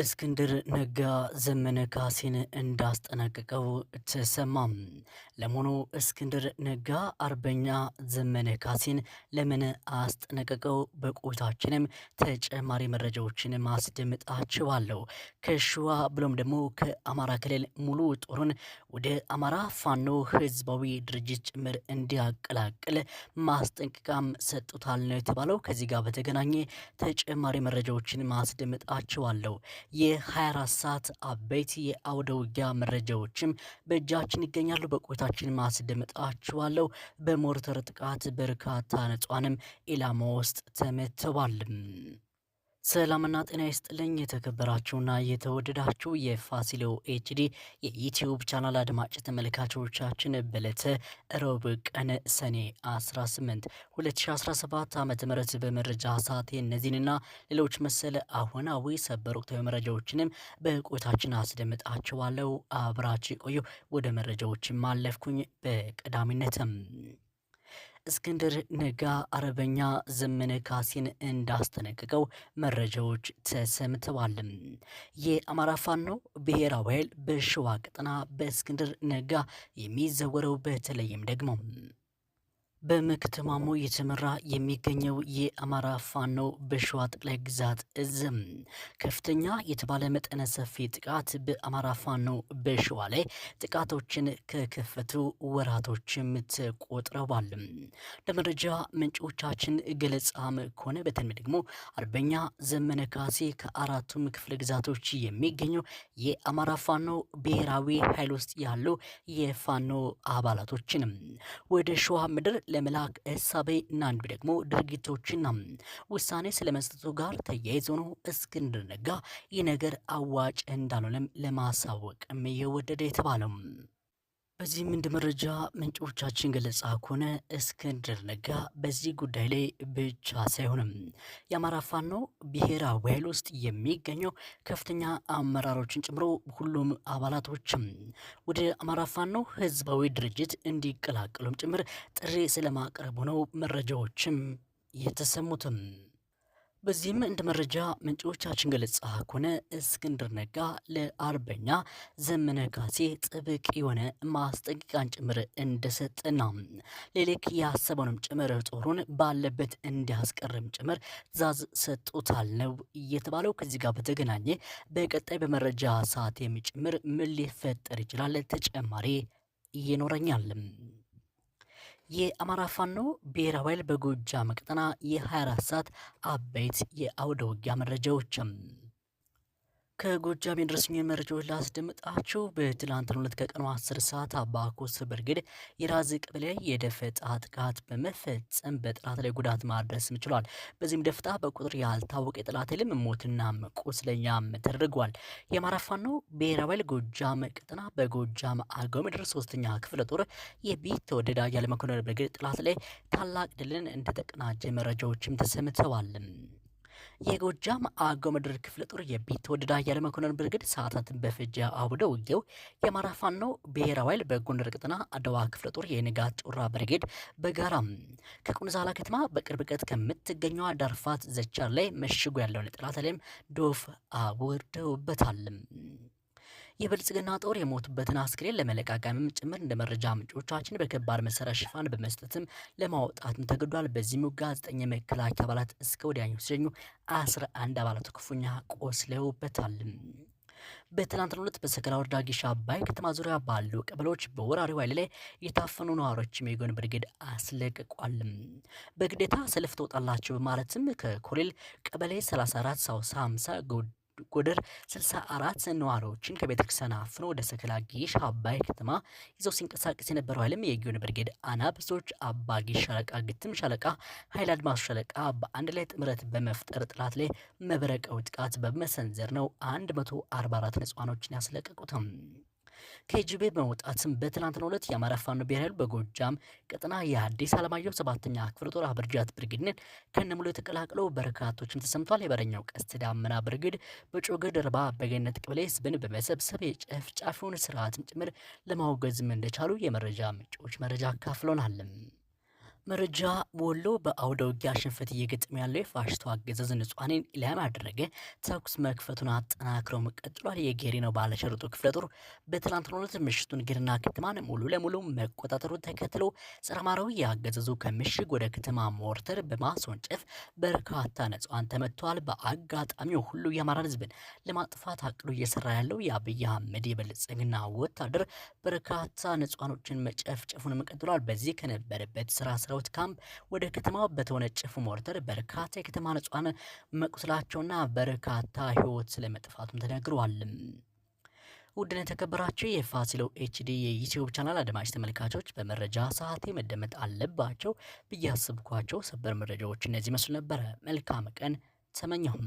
እስክንድር ነጋ ዘመነ ካሴን እንዳስጠነቀቀው ተሰማም። ለመሆኑ እስክንድር ነጋ አርበኛ ዘመነ ካሴን ለምን አስጠነቀቀው? በቆይታችንም ተጨማሪ መረጃዎችን ማስደምጣችኋለሁ። ከሸዋ ብሎም ደግሞ ከአማራ ክልል ሙሉ ጦሩን ወደ አማራ ፋኖ ህዝባዊ ድርጅት ጭምር እንዲያቀላቅል ማስጠንቀቂያም ሰጡታል ነው የተባለው። ከዚህ ጋር በተገናኘ ተጨማሪ መረጃዎችን ማስደምጣችኋለሁ። የ24 ሰዓት አበይት የአውደ ውጊያ መረጃዎችም በእጃችን ይገኛሉ። በቆይታችን ማስደመጣችኋለሁ። በሞርተር ጥቃት በርካታ ንጹሃንም ኢላማ ውስጥ ተመተዋል። ሰላምና ጤና ይስጥልኝ የተከበራችሁና የተወደዳችሁ የፋሲሎ ኤችዲ የዩትዩብ ቻናል አድማጭ ተመልካቾቻችን በዕለተ ረቡዕ ቀን ሰኔ 18 2017 ዓ ም በመረጃ ሰዓቴ እነዚህንና ሌሎች መሰል አሁናዊ ሰበር ወቅታዊ መረጃዎችንም በቆይታችን አስደምጣችኋለሁ። አብራች ቆዩ። ወደ መረጃዎችም አለፍኩኝ። በቀዳሚነትም እስክንድር ነጋ አርበኛ ዘመነ ካሴን እንዳስጠነቀቀው መረጃዎች ተሰምተዋል። የአማራ ፋኖ ብሔራዊ ኃይል በሸዋ ቀጠና በእስክንድር ነጋ የሚዘወረው በተለይም ደግሞ በምክትማሙ እየተመራ የሚገኘው የአማራ ፋኖ በሸዋ ጠቅላይ ግዛት እዝም ከፍተኛ የተባለ መጠነ ሰፊ ጥቃት በአማራ ፋኖ በሸዋ ላይ ጥቃቶችን ከከፈቱ ወራቶችም ተቆጥረዋል። ለመረጃ ምንጮቻችን ገለጻም ከሆነ በተለይ ደግሞ አርበኛ ዘመነ ካሴ ከአራቱም ክፍለ ግዛቶች የሚገኘው የአማራ ፋኖ ብሔራዊ ኃይል ውስጥ ያሉ የፋኖ አባላቶችንም ወደ ሸዋ ምድር ለመላክ እና አንዱ ደግሞ ድርጊቶችና ውሳኔ ስለመስጠቱ ጋር ተያይዞ ነው እስክንድር ነጋ ይህ ነገር አዋጭ እንዳልሆነም ለማሳወቅም እየወደደ የተባለው። በዚህም እንደ መረጃ ምንጮቻችን ገለጻ ከሆነ እስክንድር ነጋ በዚህ ጉዳይ ላይ ብቻ ሳይሆንም የአማራ ፋኖ ብሔራዊ ኃይል ውስጥ የሚገኘው ከፍተኛ አመራሮችን ጨምሮ ሁሉም አባላቶችም ወደ አማራ ፋኖ ህዝባዊ ድርጅት እንዲቀላቀሉም ጭምር ጥሪ ስለማቅረቡ ነው መረጃዎችም የተሰሙትም። በዚህም እንደ መረጃ ምንጮቻችን ገለጻ ከሆነ እስክንድር ነጋ ለአርበኛ ዘመነ ካሴ ጥብቅ የሆነ ማስጠንቀቂያን ጭምር እንደሰጠና ሌሌክ ያሰበውንም ጭምር ጦሩን ባለበት እንዲያስቀርም ጭምር ትዕዛዝ ሰጥቶታል ነው እየተባለው። ከዚህ ጋር በተገናኘ በቀጣይ በመረጃ ሰዓት የሚጭምር ምን ሊፈጠር ይችላል ተጨማሪ ይኖረኛል። የአማራ ፋኖ ብሔራዊ ኃይል በጎጃም ቀጠና የ24 ሰዓት አበይት የአውደ ውጊያ መረጃዎችም ከጎጃም የደረሱኝ መረጃዎች ላስደምጣችሁ። በትላንትናው ሁለት ከቀኑ አስር ሰዓት አባኮስ ብርጌድ የራዝ ቀበሌ የደፈጣ ጥቃት በመፈጸም በጥላት ላይ ጉዳት ማድረስም ችሏል። በዚህም ደፍጣ በቁጥር ያልታወቀ የጥላት ልም ሞትና ቁስለኛም ተደርጓል። የአማራ ፋኖ ብሔራዊ ኃይል ጎጃም ቀጠና በጎጃም አገው ምድር ሶስተኛ ክፍለ ጦር የቢትወደድ ተወደዳ ያለመኮንን ብርጌድ ጥላት ላይ ታላቅ ድልን እንደተቀናጀ መረጃዎችም ተሰምተዋልም። የጎጃም አገው ምድር ክፍለ ጦር የቢትወደድ አያለ መኮንን ብርግድ ሰዓታትን በፍጃ አውደ ውጊያው የአማራ ፋኖ ብሔራዊ ኃይል በጎንደር ቅጥና አደዋ ክፍለ ጦር የንጋት ጮራ ብርጌድ በጋራ ከቁንዛላ ከተማ በቅርብ ርቀት ከምትገኘዋ ዳርፋት ዘቻር ላይ መሽጉ ያለውን ጠላት ላይም ዶፍ አውርደውበታል። የብልጽግና ጦር የሞቱበትን አስክሬን ለመለቃቀምም ጭምር እንደ መረጃ ምንጮቻችን በከባድ መሳሪያ ሽፋን በመስጠትም ለማውጣትም ተገዷል። በዚህም ጋዜጠኛ መከላከያ አባላት እስከ ወዲያኛው ሲሸኙ አስራ አንድ አባላቱ ክፉኛ ቆስለውበታል። በትናንትናው ዕለት በሰከላ ወረዳ ጊሻ አባይ ከተማ ዙሪያ ባሉ ቀበሌዎች በወራሪው ኃይል ላይ የታፈኑ ነዋሪዎችም የጎን ብርጌድ አስለቅቋል። በግዴታ ሰልፍ ትወጣላችሁ በማለትም ከኮሌል ቀበሌ 34 ሳውስ 50 ጉድ ጎደር 64 ነዋሪዎችን ከቤተክርስቲያን አፍኖ ወደ ሰከላ ጊሽ አባይ ከተማ ይዘው ሲንቀሳቀስ የነበረው ኃይልም የጊዮን ብርጌድ አናብሶች አባ ጊሽ ሻለቃ፣ ግትም ሻለቃ፣ ኃይል አድማሱ ሻለቃ በአንድ ላይ ጥምረት በመፍጠር ጥላት ላይ መብረቃዊ ጥቃት በመሰንዘር ነው 144 ንጹሃኖችን ያስለቀቁትም። ከጅቤ በመውጣትም በትናንትና ሁለት የአማራ ፋኖ ብሔራዊ በጎጃም ቀጠና የአዲስ አለማየሁ ሰባተኛ ክፍለ ጦር አብርጃት ብርግድን ከነሙሉ የተቀላቀለው በርካቶችን ተሰምቷል። የበረኛው ቀስት ዳመና ብርግድ በጮገ ደርባ በገነት ቅብሌ ህዝብን በመሰብሰብ የጨፍጫፊውን ስርዓትን ጭምር ለማውገዝም እንደቻሉ የመረጃ ምንጮች መረጃ አካፍለውናል። መረጃ ወሎ በአውደ ውጊያ ሽንፈት እየገጠመ ያለው የፋሽስቱ አገዛዝ ንጹሐንን ኢላማ ያደረገ ተኩስ መክፈቱን አጠናክሮ መቀጥሏል። የጌሪ ነው ባለሸርጡ ክፍለ ጦር በትላንትናው ዕለት ምሽቱን ጊርና ከተማን ሙሉ ለሙሉ መቆጣጠሩ ተከትሎ ጸረ አማራው የአገዛዙ ከምሽግ ወደ ከተማ ሞርተር በማስወንጨፍ በርካታ ንጹሐን ተመትተዋል። በአጋጣሚው ሁሉ የአማራን ሕዝብን ለማጥፋት አቅዶ እየሰራ ያለው የአብይ አህመድ የብልጽግና ወታደር በርካታ ንጹሐኖችን መጨፍጨፉን መቀጥሏል። በዚህ ከነበረበት ስራ ከወታደራዊ ካምፕ ወደ ከተማው በተወነጨፉ ሞርተር በርካታ የከተማ ንጹሃን መቁሰላቸውና በርካታ ህይወት ስለመጥፋቱም ተነግሯል። ውድን የተከበራቸው የፋሲሎ ኤችዲ የዩቲዩብ ቻናል አድማጭ ተመልካቾች በመረጃ ሰዓቴ መደመጥ አለባቸው ብዬ አስብኳቸው ሰበር መረጃዎች እነዚህ መስሉ ነበረ። መልካም ቀን ተመኘሁም።